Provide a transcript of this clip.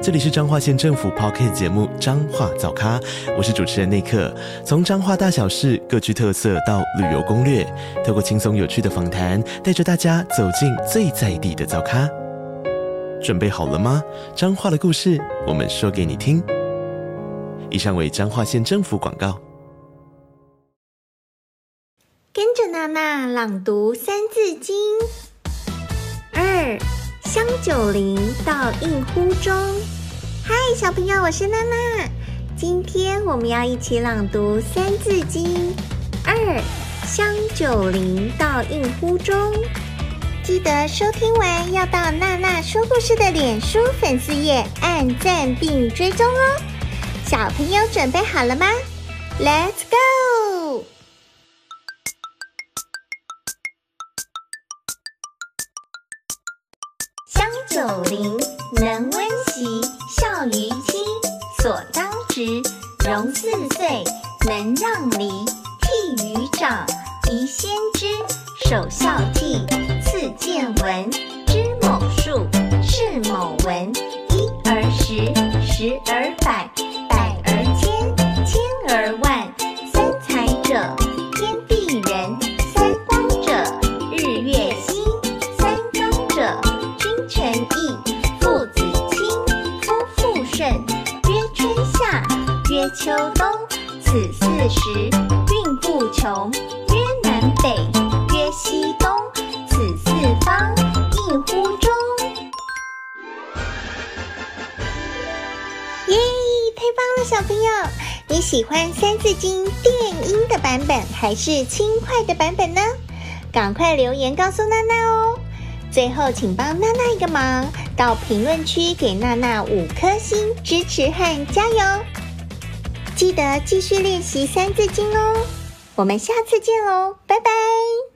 這裡是彰化縣政府 Podcast 節目《彰化早咖》，我是主持人內克。從彰化大小事各具特色到旅遊攻略，透過輕鬆有趣的訪談，帶着大家走進最在地的早咖。準備好了嗎？彰化的故事，我們說給你聽。以上為彰化縣政府廣告。跟着娜娜朗讀《三字經》二，二香九齡到應呼中。嗨，Hi, 小朋友，我是娜娜。今天我們要一起朗讀《三字經》二，二香九齡，到應呼中。記得收聽完要到娜娜說故事的臉書粉絲頁按讚並追蹤哦。小朋友準備好了嗎？Let's go。香九齡，能溫席於親所當執。融四歲，能讓梨，悌於長，宜先知。首孝悌，次見聞，知某數，識某文。一而十，十而百。秋冬，此四時，運不窮。曰南北，曰西東，此四方，應乎中。耶！太棒了，小朋友！你喜歡《三字經》電音的版本還是輕快的版本呢？趕快留言告訴娜娜哦！最後，請幫娜娜一個忙，到評論區給娜娜五顆星支持和加油。記得繼續練習《三字經》哦，我們下次見哦，拜拜。